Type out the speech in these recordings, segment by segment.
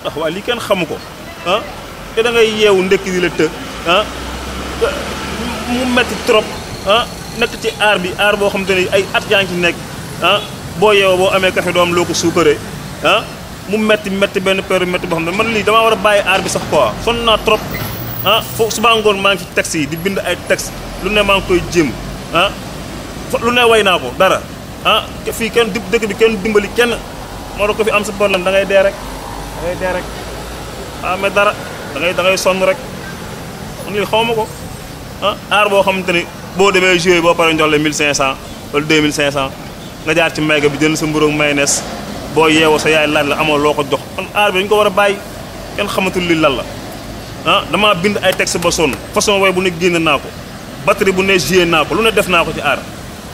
ndax ah, waa lii kenn xamu ko ah te da yeewu ndëkk di la të ah mu metti trop ah, nekk ci aar bi aar boo xam te ne ay at yaa ngi ci nekk ah, boo yeewoo boo amee kafe doom loo ko suukaree mu metti metti benn période metti boo xam ne man lii damaa war a bàyyi aar bi sax quoi sonn naa trop ah foofu suba ngoon maa ngi ci texte yi di bind ay texte lu ne maa ngi koy jéem ah lu ne way naa ko dara ah fii kenn dëkk bi kenn dimbali kenn moo ko fi am sa problème da ngay dee rek. da ngay dee rek ba ah, dara da ngay da ngay sonn rek xaw ma ko ah aar boo xamante ni boo demee joué boo paree njox le 1500 wala 2500 nga jaar ci mayga bi jënd sa mburoog mayonnaise boo yeewoo sa yaay laaj la amoo loo ko jox kon aar bi ko war a bàyyi xamatul li lan la ah damaa bind ay texte ba sonn façon way bu ne génne naa ko batterie bu ne joué naa ko lu ne def naa ko ci aar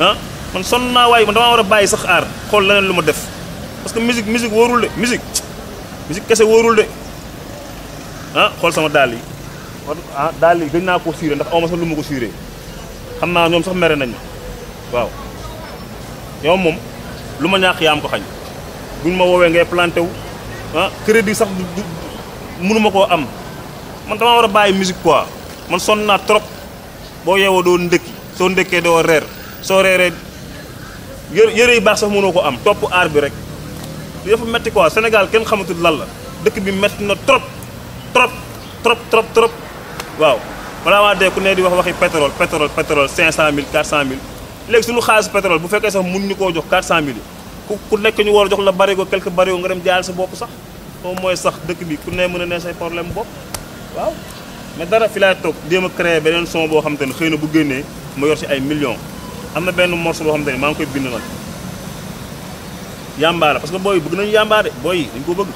ah man sonn naa waay man damaa war a bàyyi sax aar xool leneen lu ma def parce que musique musique wóorul de musique musique kese wóorul de ah xool sama dàll yi ah yi gëj naa ko suuree ndax aw ma sax lu ma ko suuree xam naa ñoom sax mere nañ ma waaw yow moom lu ma ñaax yaam ko xañ buñ ma woowee ngay planté wu ah crédit sax du mënu ma koo am man damaa war a bàyyi musique quoi man sonn naa trop boo yeewoo doo ndëkki soo ndëkkee doo reer soo reeree yë yëre yu baax sax mënoo ko am topp aar bi rek. bi dafa metti quoi Sénégal kenn xamatul lan la dëkk bi metti na trop trop trop trop trop waaw balaa maa dee ku ne di wax waxi pétrole pétrole pétrole 500000 400000 léegi suñu xaalis pétrole bu fekkee sax mun ñu koo jox 400000 yi ku ku nekk ñu war a jox la barigo quelque barigo nga dem jaayal sa bopp sax au moins sax dëkk bi ku ne mën a ne say problème bopp waaw mais dara fi laay toog jéem a créé beneen son boo xam te ne xëy na bu génnee ma yor si ay millions am benn morceau boo xam te ne maa ngi koy yàmbaa la parce que booy bëgg nañu yàmbaa de booy yi dañ ko bëgg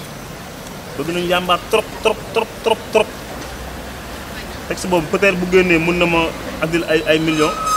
bëgg nañu yàmbaa trop trop trop trop trop texte boobu peut-être bu génnee mun na ma andil ay ay millions